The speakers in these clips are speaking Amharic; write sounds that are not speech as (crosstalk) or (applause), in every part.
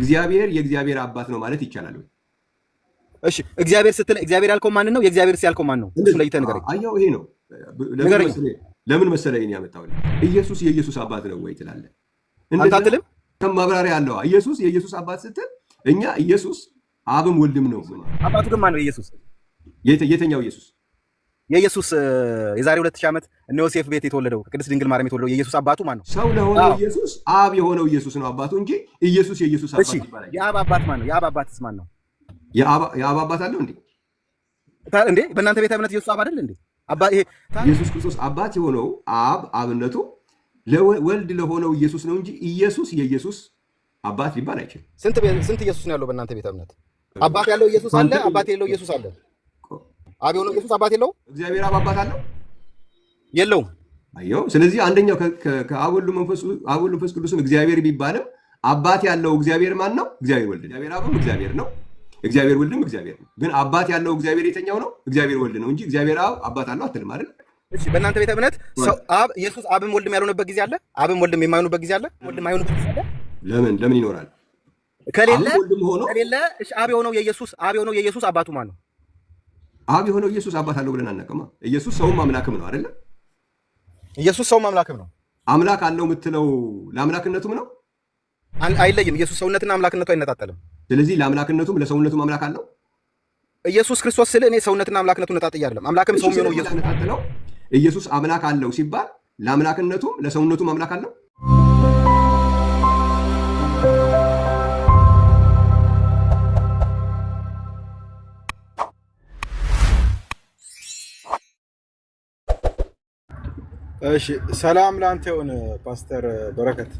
እግዚአብሔር የእግዚአብሔር አባት ነው ማለት ይቻላል ወይ? እሺ እግዚአብሔር ስትል እግዚአብሔር ያልከው ማንን ነው? የእግዚአብሔር ያልከው ማን ነው? እሱ ለይተህ ንገረኝ። አየሁ ይሄ ነው። ለምን መሰለህ ይሄን ያመጣሁልህ። ኢየሱስ የኢየሱስ አባት ነው ወይ ትላለህ። አንተ አትልም? ማብራሪያ አለዋ። ኢየሱስ የኢየሱስ አባት ስትል እኛ ኢየሱስ አብም ወልድም ነው። አባቱ ግን ማን ነው? ኢየሱስ የትኛው ኢየሱስ የኢየሱስ የዛሬ ሁለት ሺህ ዓመት እነ ዮሴፍ ቤት የተወለደው ቅድስት ድንግል ማርያም የተወለደው የኢየሱስ አባቱ ማን ነው? ሰው ለሆነው ኢየሱስ አብ የሆነው ኢየሱስ ነው አባቱ እንጂ ኢየሱስ የኢየሱስ አባት ይባላል። የአብ አባት ማን ነው? የአብ አባትስ ማን ነው? የአብ አባት አለው እንዴ? እንዴ በእናንተ ቤተ እምነት ኢየሱስ አብ አይደል እንዴ? ኢየሱስ ክርስቶስ አባት የሆነው አብ አብነቱ ወልድ ለሆነው ኢየሱስ ነው እንጂ ኢየሱስ የኢየሱስ አባት ሊባል አይችልም። ስንት ኢየሱስ ነው ያለው በእናንተ ቤተ እምነት? አባት ያለው ኢየሱስ አለ፣ አባት የሌለው ኢየሱስ አለ። አብ የሆነ ኢየሱስ አባት የለውም? እግዚአብሔር አብ አባት አለው? የለውም። አየው። ስለዚህ አንደኛው ከአብ ወልድ መንፈስ ቅዱስም እግዚአብሔር ቢባልም አባት ያለው እግዚአብሔር ማን ነው? እግዚአብሔር ወልድ። እግዚአብሔር አብም እግዚአብሔር ነው። እግዚአብሔር ወልድም እግዚአብሔር ነው። ግን አባት ያለው እግዚአብሔር የተኛው ነው? እግዚአብሔር ወልድ ነው እንጂ እግዚአብሔር አብ አባት አለው አትልም አይደል? እሺ በእናንተ ቤተ እምነት ሰው አብ ኢየሱስ አብም ወልድም ያልሆነበት ጊዜ አለ? አብም ወልድም የማይሆኑበት ጊዜ አለ? ወልድም የማይሆኑበት ጊዜ አለ? ለምን ለምን ይኖራል? ከሌለ ከሌለ አብ የሆነው የኢየሱስ አብ የሆነው የኢየሱስ አባቱ ማን ነው? አብ የሆነው ኢየሱስ አባት አለው ብለን አናውቅማ። ኢየሱስ ሰውም አምላክም ነው አይደለ? ኢየሱስ ሰውም አምላክም ነው። አምላክ አለው የምትለው ለአምላክነቱም ነው አይለይም። ኢየሱስ ሰውነትና አምላክነቱ አይነጣጠልም። ስለዚህ ለአምላክነቱም ለሰውነቱም አምላክ አለው ኢየሱስ ክርስቶስ ስለ እኔ ሰውነትና አምላክነቱ ነጣጥያ አይደለም። አምላክም ሰውም ነው ኢየሱስ ኢየሱስ አምላክ አለው ሲባል ለአምላክነቱም ለሰውነቱም አምላክ አለው እሺ ሰላም ለአንተ ይሁን ፓስተር በረከት።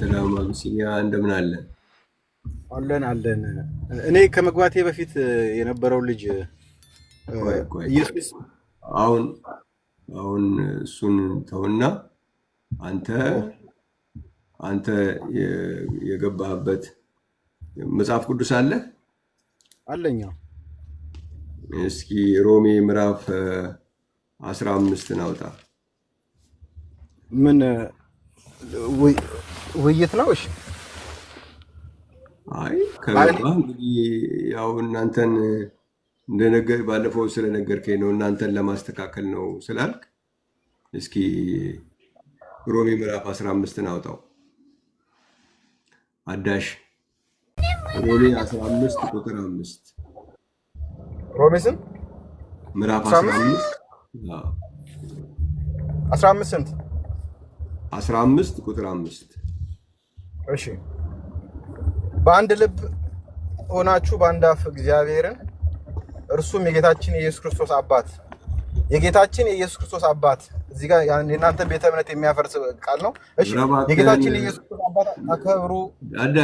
ሰላም አቢሲኒያ፣ እንደምን አለ አለን አለን። እኔ ከመግባቴ በፊት የነበረው ልጅ ኢየሱስ አሁን አሁን እሱን ተውና አንተ አንተ የገባህበት መጽሐፍ ቅዱስ አለ አለኛ። እስኪ ሮሜ ምዕራፍ አስራ አምስትን አውጣ። ምን ውይይት ነው? እሺ አይ እንግዲህ ያው እናንተን እንደነገ ባለፈው ስለነገርከኝ ነው እናንተን ለማስተካከል ነው ስላልክ እስኪ ሮሜ ምዕራፍ አስራ አምስትን አውጣው አዳሽ ሮሜ አስራ አምስት ቁጥር አምስት ሮሜ ስም ምዕራፍ አስራ አምስት አስራ አምስት ስንት? አስራ አምስት ቁጥር አምስት እሺ በአንድ ልብ ሆናችሁ በአንድ አፍ እግዚአብሔርን እርሱም የጌታችን የኢየሱስ ክርስቶስ አባት የጌታችን የኢየሱስ ክርስቶስ አባት እዚህ ጋር የእናንተ ቤተ እምነት የሚያፈርስ ቃል ነው። እሺ የጌታችን የኢየሱስ ክርስቶስ አባት አከብሩ ዘንድ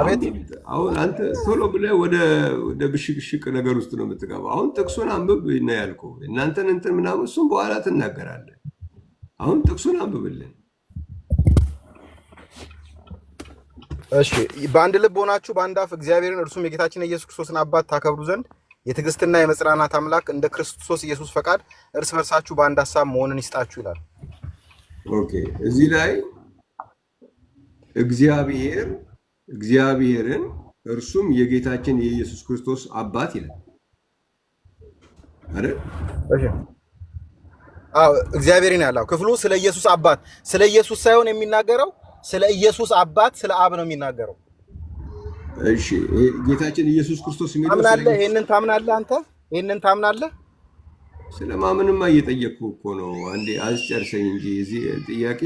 አሁን አንተ ቶሎ ብለህ ወደ ብሽቅሽቅ ነገር ውስጥ ነው የምትገባው። አሁን ጥቅሱን አንብብ ነው ያልኩህ። እናንተን እንትን ምናምን እሱን በኋላ ትናገራለህ። አሁን ጥቅሱን አንብብልን። እሺ በአንድ ልብ ሆናችሁ በአንድ አፍ እግዚአብሔርን እርሱም የጌታችን ኢየሱስ ክርስቶስን አባት ታከብሩ ዘንድ የትዕግስትና የመጽናናት አምላክ እንደ ክርስቶስ ኢየሱስ ፈቃድ እርስ በርሳችሁ በአንድ ሀሳብ መሆንን ይስጣችሁ ይላል። ኦኬ እዚህ ላይ እግዚአብሔር እግዚአብሔርን እርሱም የጌታችን የኢየሱስ ክርስቶስ አባት ይላል አይደል? አዎ እግዚአብሔርን ያለው ክፍሉ ስለ ኢየሱስ አባት ስለ ኢየሱስ ሳይሆን የሚናገረው ስለ ኢየሱስ አባት ስለ አብ ነው የሚናገረው። እሺ ጌታችን ኢየሱስ ክርስቶስ የሚለው ታምናለህ? ይሄንን ታምናለህ አንተ? ይሄንን ታምናለህ? ስለማምንማ እየጠየቅኩ እኮ ነው። አንዴ አስጨርሰኝ እንጂ እዚህ ጥያቄ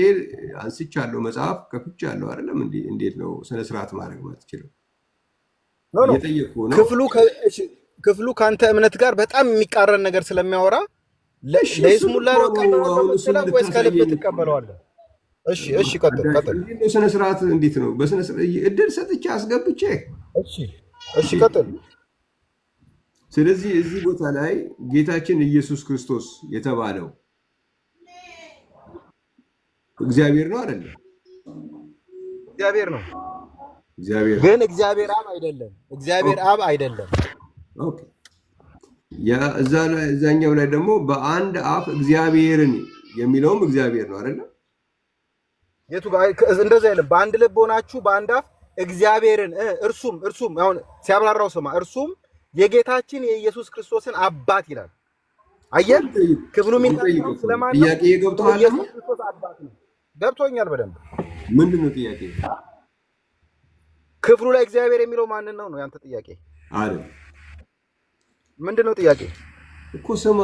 አንስቻለሁ፣ መጽሐፍ ከፍቻለሁ። አይደለም እንዴ? እንዴት ነው ስነስርዓት ማድረግ ማትችለው? እየጠየቅኩ ነው። ክፍሉ ከአንተ እምነት ጋር በጣም የሚቃረን ነገር ስለሚያወራ ለይስሙላ ወይስ ከልብ ትቀበለዋለህ? እሺ፣ እሺ፣ ቀጥል። ስነስርዓት እንዴት ነው? በስነስርዓት እድል ሰጥቼ አስገብቼ። እሺ፣ እሺ፣ ቀጥል ስለዚህ እዚህ ቦታ ላይ ጌታችን ኢየሱስ ክርስቶስ የተባለው እግዚአብሔር ነው አይደለም? እግዚአብሔር ነው። እግዚአብሔር ግን እግዚአብሔር አብ አይደለም። እግዚአብሔር አብ አይደለም። ኦኬ ያ እዛ ላይ እዛኛው ላይ ደግሞ በአንድ አፍ እግዚአብሔርን የሚለውም እግዚአብሔር ነው አይደለም? የቱ ጋር እንደዛ አይደለም። በአንድ ልብ ሆናችሁ በአንድ አፍ እግዚአብሔርን እርሱም እርሱም አሁን ሲያብራራው ስማ እርሱም የጌታችን የኢየሱስ ክርስቶስን አባት ይላል። አየህ ክፍሉ የሚጠይቀው ስለማለት ጥያቄ ገብቶሃል? ገብቶኛል በደንብ። ምንድን ነው ጥያቄ? ክፍሉ ላይ እግዚአብሔር የሚለው ማንን ነው? ነው ያንተ ጥያቄ አይደል? ምንድን ነው ጥያቄ እኮ? ስማ፣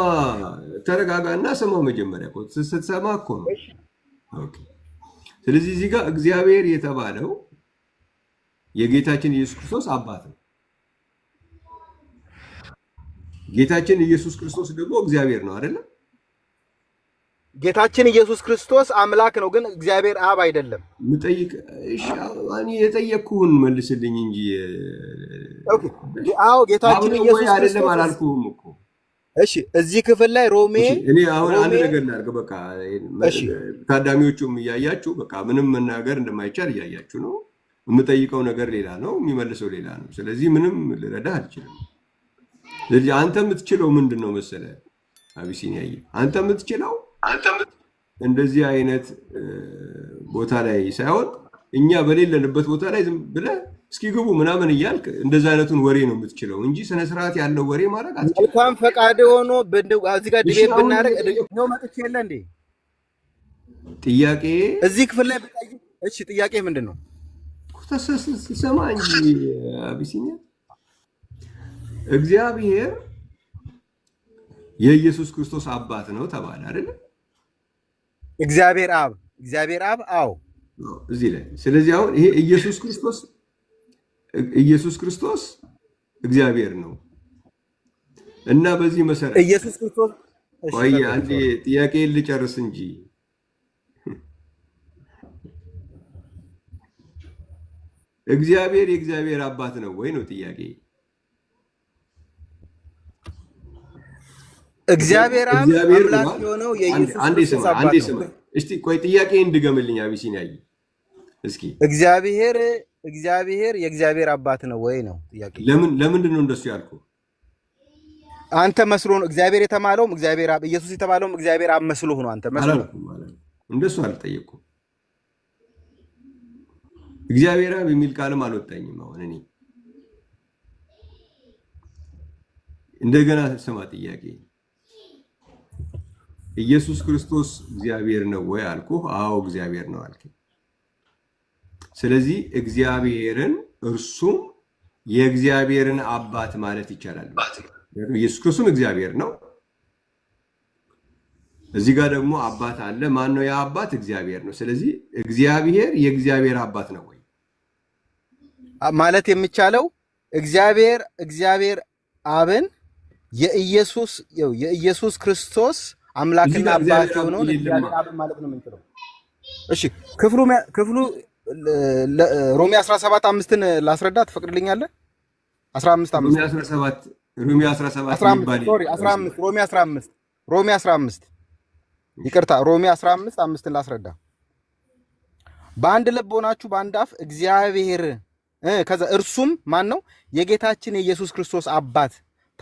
እና ስማው መጀመሪያ ስትሰማ እኮ ነው። ስለዚህ እዚህ ጋር እግዚአብሔር የተባለው የጌታችን ኢየሱስ ክርስቶስ አባት ነው። ጌታችን ኢየሱስ ክርስቶስ ደግሞ እግዚአብሔር ነው አይደለም? ጌታችን ኢየሱስ ክርስቶስ አምላክ ነው፣ ግን እግዚአብሔር አብ አይደለም። ምጠይቅ የጠየቅኩህን መልስልኝ እንጂ አዎ፣ ጌታችን ኢየሱስ አይደለም አላልኩህም እኮ። እሺ፣ እዚህ ክፍል ላይ ሮሜ እኔ አሁን አንድ ነገር ላድርግ። በቃ ታዳሚዎቹም እያያችሁ በቃ ምንም መናገር እንደማይቻል እያያችሁ ነው። የምጠይቀው ነገር ሌላ ነው፣ የሚመልሰው ሌላ ነው። ስለዚህ ምንም ልረዳህ አልችልም። ስለዚህ አንተ የምትችለው ምንድን ነው መሰለህ አቢሲኒያ አንተ የምትችለው እንደዚህ አይነት ቦታ ላይ ሳይሆን እኛ በሌለንበት ቦታ ላይ ዝም ብለህ እስኪ ግቡ ምናምን እያልክ እንደዚ አይነቱን ወሬ ነው የምትችለው እንጂ ስነስርዓት ያለው ወሬ ማድረግ አትችልም። እንኳን ፈቃድ ሆኖ እዚህ ጋር ድቤ ብናደርግ መጥቼ የለ እንዴ ጥያቄ እዚህ ክፍል ላይ እሺ፣ ጥያቄ ምንድን ነው? ሰማ እንጂ አቢሲኒያ እግዚአብሔር የኢየሱስ ክርስቶስ አባት ነው ተባለ አይደል? እግዚአብሔር አብ እግዚአብሔር አብ አዎ፣ እዚህ ላይ ስለዚህ አሁን ይሄ ኢየሱስ ክርስቶስ ኢየሱስ ክርስቶስ እግዚአብሔር ነው እና በዚህ መሰረት ኢየሱስ ክርስቶስ ወይ አንዴ ጥያቄ ልጨርስ እንጂ እግዚአብሔር የእግዚአብሔር አባት ነው ወይ ነው ጥያቄ እግዚአብሔር አምላክ የሆነው የኢየሱስ እስቲ ቆይ ጥያቄ እንድገምልኝ አቢሲን እስኪ እግዚአብሔር እግዚአብሔር የእግዚአብሔር አባት ነው ወይ ነው ጥያቄ። ለምን ለምንድን ነው እንደሱ ያልኩ? አንተ መስሎ ነው እግዚአብሔር እግዚአብሔር አብ ኢየሱስ የተባለውም እግዚአብሔር አብ አንተ መስሎ እንደሱ አልጠየቅኩም። እግዚአብሔር አብ የሚል ቃልም አልወጣኝም። አሁን እኔ እንደገና ስማ ጥያቄ ኢየሱስ ክርስቶስ እግዚአብሔር ነው ወይ አልኩ። አዎ እግዚአብሔር ነው አልከኝ። ስለዚህ እግዚአብሔርን እርሱም የእግዚአብሔርን አባት ማለት ይቻላል። ኢየሱስ ክርስቶስም እግዚአብሔር ነው። እዚህ ጋር ደግሞ አባት አለ። ማን ነው ያ አባት? እግዚአብሔር ነው። ስለዚህ እግዚአብሔር የእግዚአብሔር አባት ነው ወይ ማለት የሚቻለው እግዚአብሔር እግዚአብሔር አብን የኢየሱስ የኢየሱስ ክርስቶስ አምላክና አባት ማለት ነው የምንችለው። እሺ ክፍሉ ክፍሉ ሮሜ 17 አምስትን ላስረዳ ትፈቅድልኛለህ? 15 15 ሮሜ 15 ሮሜ 15 ሮሜ 15 ይቅርታ ሮሜ 15 አምስትን ላስረዳ። በአንድ ልብ ሆናችሁ በአንድ አፍ እግዚአብሔር ከዛ እርሱም ማን ነው? የጌታችን የኢየሱስ ክርስቶስ አባት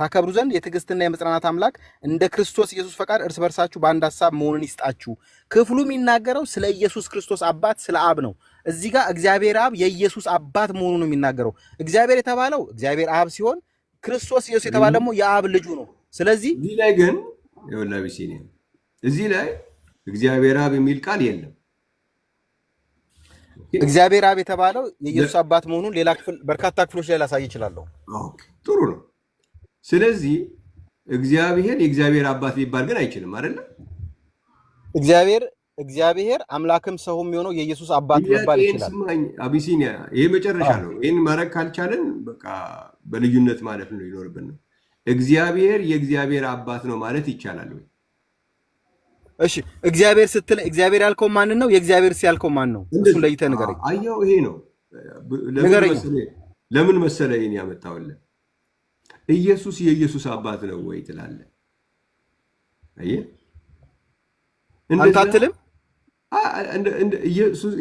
ታከብሩ ዘንድ የትዕግስትና የመጽናናት አምላክ እንደ ክርስቶስ ኢየሱስ ፈቃድ እርስ በርሳችሁ በአንድ ሀሳብ መሆኑን ይስጣችሁ። ክፍሉ የሚናገረው ስለ ኢየሱስ ክርስቶስ አባት ስለ አብ ነው። እዚህ ጋር እግዚአብሔር አብ የኢየሱስ አባት መሆኑ ነው የሚናገረው። እግዚአብሔር የተባለው እግዚአብሔር አብ ሲሆን ክርስቶስ ኢየሱስ የተባለ ደግሞ የአብ ልጁ ነው። ስለዚህ እዚህ ላይ ግን እዚህ ላይ እግዚአብሔር አብ የሚል ቃል የለም። እግዚአብሔር አብ የተባለው የኢየሱስ አባት መሆኑን ሌላ ክፍል በርካታ ክፍሎች ላይ ላሳይ ይችላለሁ። ጥሩ ነው። ስለዚህ እግዚአብሔር የእግዚአብሔር አባት ሊባል ግን አይችልም አይደለ? እግዚአብሔር እግዚአብሔር አምላክም ሰው የሚሆነው የኢየሱስ አባት ሊባል ይችላል። አቢሲኒያ ይሄ መጨረሻ ነው። ይህን ማድረግ ካልቻለን በቃ በልዩነት ማለት ነው ይኖርብን ነው። እግዚአብሔር የእግዚአብሔር አባት ነው ማለት ይቻላል ወይ? እሺ እግዚአብሔር ስትል እግዚአብሔር ያልከው ማንን ነው? የእግዚአብሔር ሲያልከው ማን ነው? እሱን ለይተህ ንገረኝ። አየው ይሄ ነው። ለምን መሰለህ ይህን ያመጣሁልህ ኢየሱስ የኢየሱስ አባት ነው ወይ ትላለህ? አየህ አንተ አትልም።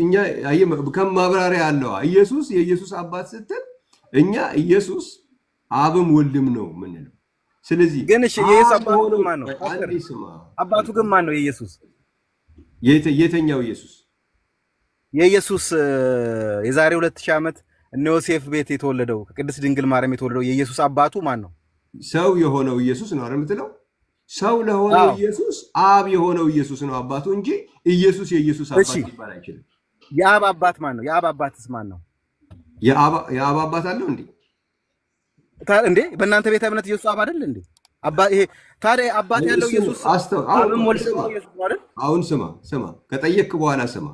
እኛ ከማብራሪያ አለዋ። ኢየሱስ የኢየሱስ አባት ስትል እኛ ኢየሱስ አብም ወልድም ነው ምንለው። ስለዚህ ግን እሺ፣ የኢየሱስ አባቱ ግን ማን ነው? አባቱ ግን ማን ነው? የኢየሱስ የተኛው ኢየሱስ የኢየሱስ የዛሬ ሁለት ሺህ ዓመት እነ ዮሴፍ ቤት የተወለደው ከቅድስት ድንግል ማርያም የተወለደው የኢየሱስ አባቱ ማን ነው? ሰው የሆነው ኢየሱስ ነው አይደል የምትለው? ሰው ለሆነው ኢየሱስ አብ የሆነው ኢየሱስ ነው አባቱ እንጂ ኢየሱስ የኢየሱስ አባት ይባል አይችልም። የአብ አባት ማን ነው? የአብ አባትስ ማን ነው? የአብ አባት አለው እንዴ? እንዴ በእናንተ ቤተ እምነት ኢየሱስ አብ አይደል እንዴ? ይሄ ታዲያ አባት ያለው ኢየሱስ አሁን ስማ ስማ፣ ከጠየቅክ በኋላ ስማ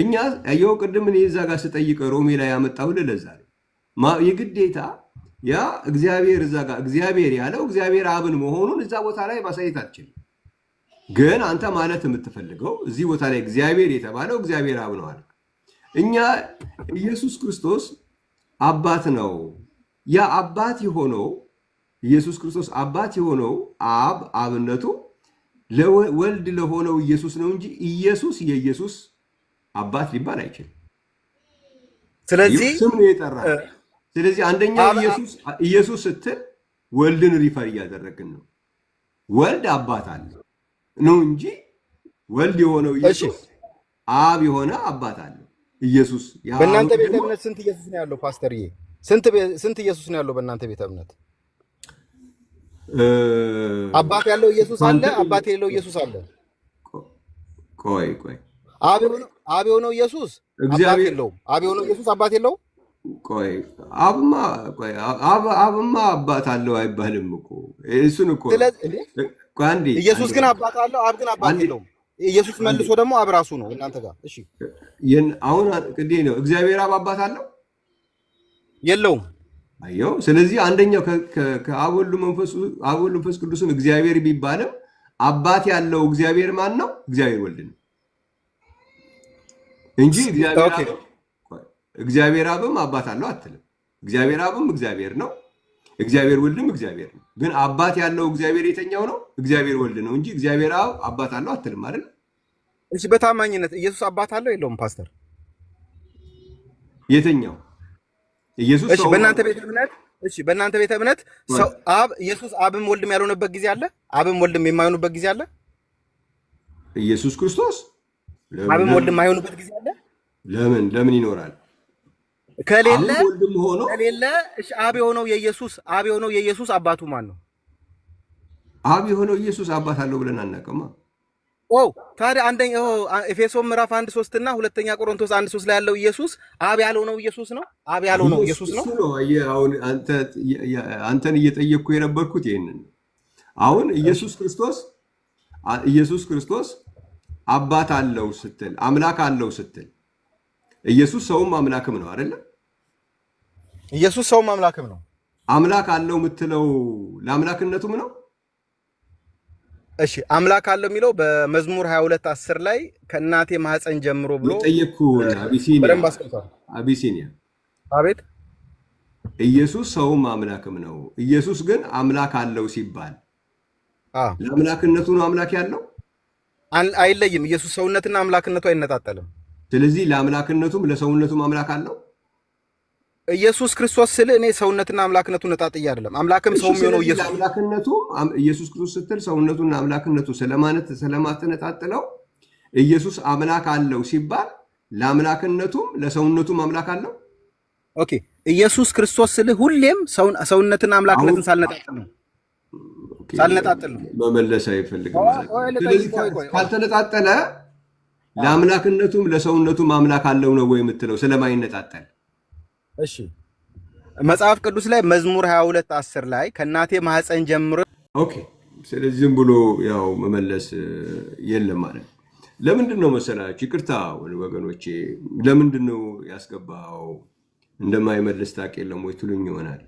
እኛ ያየው ቅድም እኔ እዛ ጋር ስጠይቀ ሮሜ ላይ ያመጣው ለዛ የግዴታ ያ እግዚአብሔር እዛ ጋር እግዚአብሔር ያለው እግዚአብሔር አብን መሆኑን እዛ ቦታ ላይ ማሳየት አትችልም። ግን አንተ ማለት የምትፈልገው እዚህ ቦታ ላይ እግዚአብሔር የተባለው እግዚአብሔር አብ ነው አለ። እኛ ኢየሱስ ክርስቶስ አባት ነው። ያ አባት የሆነው ኢየሱስ ክርስቶስ አባት የሆነው አብ አብነቱ ለወልድ ለሆነው ኢየሱስ ነው እንጂ ኢየሱስ የኢየሱስ አባት ሊባል አይችልም። ስለዚህ ስም ነው የጠራ። ስለዚህ አንደኛ ኢየሱስ ስትል ወልድን ሪፈር እያደረግን ነው። ወልድ አባት አለ ነው እንጂ ወልድ የሆነው ኢየሱስ አብ የሆነ አባት አለ። ኢየሱስ በእናንተ ቤተ እምነት ስንት ኢየሱስ ነው ያለው? ፓስተርዬ ስንት ኢየሱስ ነው ያለው በእናንተ ቤተ እምነት? አባት ያለው ኢየሱስ አለ፣ አባት የሌለው ኢየሱስ አለ። ቆይ ቆይ አብ የሆነው ኢየሱስ አባት የለውም። አብ የሆነው ኢየሱስ አባት የለውም። ቆይ አብማ ቆይ አብማ አባት አለው አይባልም እኮ እሱን እኮ አንዴ ኢየሱስ ግን አባት አለው፣ አብ ግን አባት የለውም። ኢየሱስ መልሶ ደግሞ አብ ራሱ ነው እናንተ ጋር። እሺ አሁን ቅዴ ነው እግዚአብሔር አብ አባት አለው የለውም? አየው። ስለዚህ አንደኛው ከአብ ወልድ መንፈስ ቅዱስን እግዚአብሔር ቢባልም አባት ያለው እግዚአብሔር ማን ነው? እግዚአብሔር ወልድ ነው። እንጂ እግዚአብሔር አብም አባት አለው አትልም። እግዚአብሔር አብም እግዚአብሔር ነው፣ እግዚአብሔር ወልድም እግዚአብሔር ነው። ግን አባት ያለው እግዚአብሔር የተኛው ነው እግዚአብሔር ወልድ ነው እንጂ እግዚአብሔር አብ አባት አለው አትልም አይደል? እሺ፣ በታማኝነት ኢየሱስ አባት አለው የለውም? ፓስተር የተኛው ኢየሱስ እሺ፣ በእናንተ ቤተ እምነት እሺ፣ በእናንተ ቤተ እምነት ሰው አብ ኢየሱስ አብም ወልድም ያልሆነበት ጊዜ አለ፣ አብም ወልድም የማይሆኑበት ጊዜ አለ። ኢየሱስ ክርስቶስ አብም ወልድም የማይሆኑበት ጊዜ አለ። ለምን ለምን ይኖራል? ከሌለ ከሌለ አብ የሆነው የኢየሱስ አብ የሆነው የኢየሱስ አባቱ ማን ነው? አብ የሆነው ኢየሱስ አባት አለው ብለን አናውቅማ። ኦ ታዲያ አንደኛ ምዕራፍ አንድ ሶስት እና ሁለተኛ ቆሮንቶስ አንድ ሶስት ላይ ያለው ኢየሱስ አብ ኢየሱስ ነው። አብ ኢየሱስ ነው። አንተን እየጠየቅኩ የነበርኩት ይህንን አሁን ኢየሱስ ክርስቶስ ኢየሱስ ክርስቶስ አባት አለው ስትል አምላክ አለው ስትል ኢየሱስ ሰውም አምላክም ነው አይደለም? ኢየሱስ ሰውም አምላክም ነው። አምላክ አለው የምትለው ለአምላክነቱም ነው። እሺ አምላክ አለው የሚለው በመዝሙር 22 10 ላይ ከእናቴ ማህፀን ጀምሮ ብሎ ጠየቅኩ። አቢሲኒያ አቤት። ኢየሱስ ሰውም አምላክም ነው። ኢየሱስ ግን አምላክ አለው ሲባል ለአምላክነቱ ነው አምላክ ያለው አይለይም። ኢየሱስ ሰውነትና አምላክነቱ አይነጣጠልም። ስለዚህ ለአምላክነቱም ለሰውነቱም አምላክ አለው። ኢየሱስ ክርስቶስ ስል እኔ ሰውነትና አምላክነቱ ነጣጥያ አይደለም። አምላክም ሰው የሆነው ኢየሱስ አምላክነቱ ኢየሱስ ክርስቶስ ስትል ሰውነቱና አምላክነቱ ስለማነት ስለማትነጣጥለው ኢየሱስ አምላክ አለው ሲባል ለአምላክነቱም ለሰውነቱም አምላክ አለው። ኦኬ ኢየሱስ ክርስቶስ ስል ሁሌም ሰውነትና አምላክነትን ሳልነጣጥል ነው ሳልነጣጠል ነው መመለስ አይፈልግም። ካልተነጣጠለ ለአምላክነቱም ለሰውነቱም አምላክ አለው ነው ወይ የምትለው ስለማይነጣጠል? እሺ መጽሐፍ ቅዱስ ላይ መዝሙር 22 10 ላይ ከእናቴ ማህፀን ጀምሮ ኦኬ። ስለዚህ ዝም ብሎ ያው መመለስ የለም ማለት ነው። ለምንድን ነው መሰላችሁ? ይቅርታ ወገኖቼ፣ ለምንድን ነው ያስገባው እንደማይመልስ ታውቅ የለም ወይ ትሉኝ ይሆናል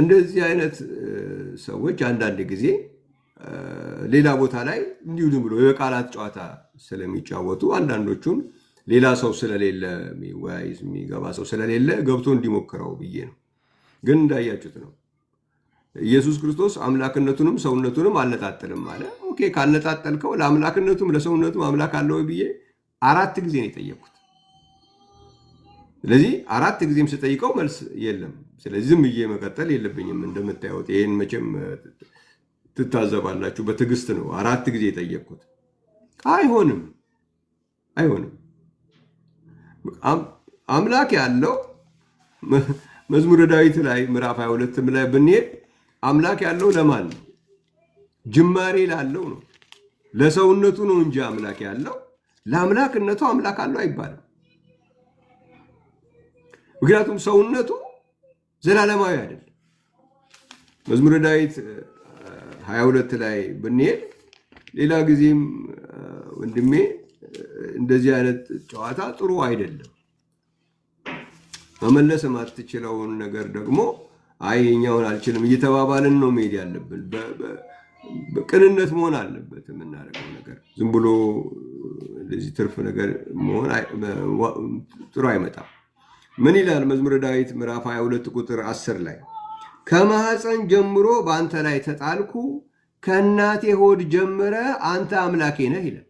እንደዚህ አይነት ሰዎች አንዳንድ ጊዜ ሌላ ቦታ ላይ እንዲሁ ዝም ብሎ የቃላት ጨዋታ ስለሚጫወቱ አንዳንዶቹን ሌላ ሰው ስለሌለ የሚወያይ የሚገባ ሰው ስለሌለ ገብቶ እንዲሞክረው ብዬ ነው። ግን እንዳያችሁት ነው ኢየሱስ ክርስቶስ አምላክነቱንም ሰውነቱንም አልነጣጠልም አለ። ኦኬ ካልነጣጠልከው ለአምላክነቱም ለሰውነቱም አምላክ አለው ብዬ አራት ጊዜ ነው የጠየቅኩት። ስለዚህ አራት ጊዜም ስጠይቀው መልስ የለም። ስለዚህ ዝም ብዬ መቀጠል የለብኝም። እንደምታዩት ይህን መቼም ትታዘባላችሁ። በትዕግስት ነው አራት ጊዜ የጠየቅኩት። አይሆንም አይሆንም። አምላክ ያለው መዝሙረ ዳዊት ላይ ምዕራፍ 22 ላይ ብንሄድ አምላክ ያለው ለማን ነው? ጅማሬ ላለው ነው፣ ለሰውነቱ ነው እንጂ አምላክ ያለው ለአምላክነቱ አምላክ አለው አይባልም። ምክንያቱም ሰውነቱ ዘላለማዊ አይደለም። መዝሙረ ዳዊት 22 ላይ ብንሄድ ሌላ ጊዜም ወንድሜ እንደዚህ አይነት ጨዋታ ጥሩ አይደለም። መመለስ የማትችለውን ነገር ደግሞ አይ አልችልም እየተባባልን ነው መሄድ ያለብን። በቅንነት መሆን አለበት የምናደርገው ነገር። ዝም ብሎ እንደዚህ ትርፍ ነገር መሆን ጥሩ አይመጣም። ምን ይላል መዝሙረ ዳዊት ምዕራፍ 22 ቁጥር 10 ላይ ከማህፀን ጀምሮ በአንተ ላይ ተጣልኩ፣ ከእናቴ ሆድ ጀምረ አንተ አምላኬ ነህ ይላል።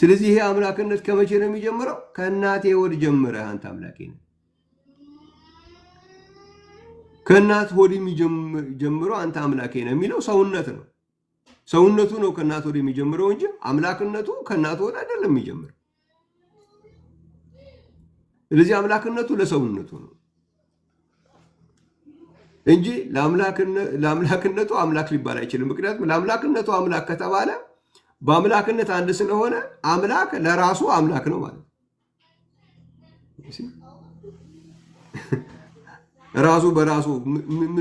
ስለዚህ ይሄ አምላክነት ከመቼ ነው የሚጀምረው? ከእናቴ ሆድ ጀምረ አንተ አምላኬ ነህ። ከእናት ሆድ የሚጀምረው አንተ አምላኬ ነህ የሚለው ሰውነት ነው። ሰውነቱ ነው ከእናት ሆድ የሚጀምረው እንጂ አምላክነቱ ከእናት ሆድ አይደለም የሚጀምረው። ስለዚህ አምላክነቱ ለሰውነቱ ነው እንጂ ለአምላክነቱ አምላክ ሊባል አይችልም። ምክንያቱም ለአምላክነቱ አምላክ ከተባለ በአምላክነት አንድ ስለሆነ አምላክ ለራሱ አምላክ ነው ማለት (laughs) ራሱ በራሱ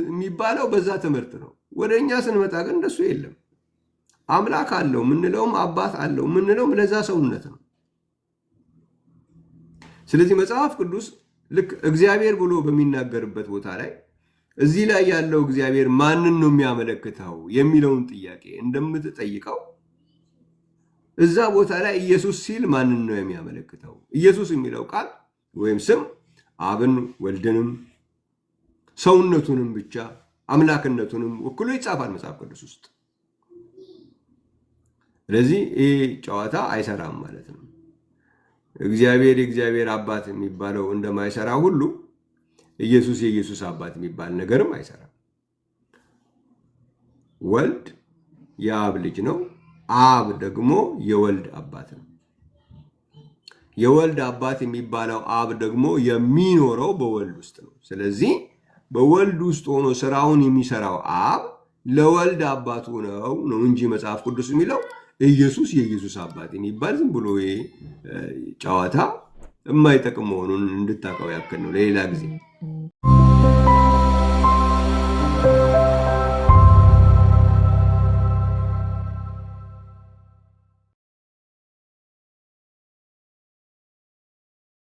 የሚባለው በዛ ትምህርት ነው። ወደ እኛ ስንመጣ ግን እንደሱ የለም። አምላክ አለው ምንለውም አባት አለው የምንለውም ለዛ ሰውነት ነው። ስለዚህ መጽሐፍ ቅዱስ ልክ እግዚአብሔር ብሎ በሚናገርበት ቦታ ላይ እዚህ ላይ ያለው እግዚአብሔር ማንን ነው የሚያመለክተው የሚለውን ጥያቄ እንደምትጠይቀው እዛ ቦታ ላይ ኢየሱስ ሲል ማንን ነው የሚያመለክተው? ኢየሱስ የሚለው ቃል ወይም ስም አብን ወልድንም ሰውነቱንም ብቻ አምላክነቱንም ወክሎ ይጻፋል መጽሐፍ ቅዱስ ውስጥ። ስለዚህ ይህ ጨዋታ አይሰራም ማለት ነው። እግዚአብሔር የእግዚአብሔር አባት የሚባለው እንደማይሰራ ሁሉ ኢየሱስ የኢየሱስ አባት የሚባል ነገርም አይሰራም። ወልድ የአብ ልጅ ነው። አብ ደግሞ የወልድ አባት ነው። የወልድ አባት የሚባለው አብ ደግሞ የሚኖረው በወልድ ውስጥ ነው። ስለዚህ በወልድ ውስጥ ሆኖ ስራውን የሚሰራው አብ ለወልድ አባቱ ነው ነው እንጂ መጽሐፍ ቅዱስ የሚለው ኢየሱስ የኢየሱስ አባት የሚባል ዝም ብሎ ጨዋታ የማይጠቅም መሆኑን እንድታውቀው ያክል ነው። ለሌላ ጊዜ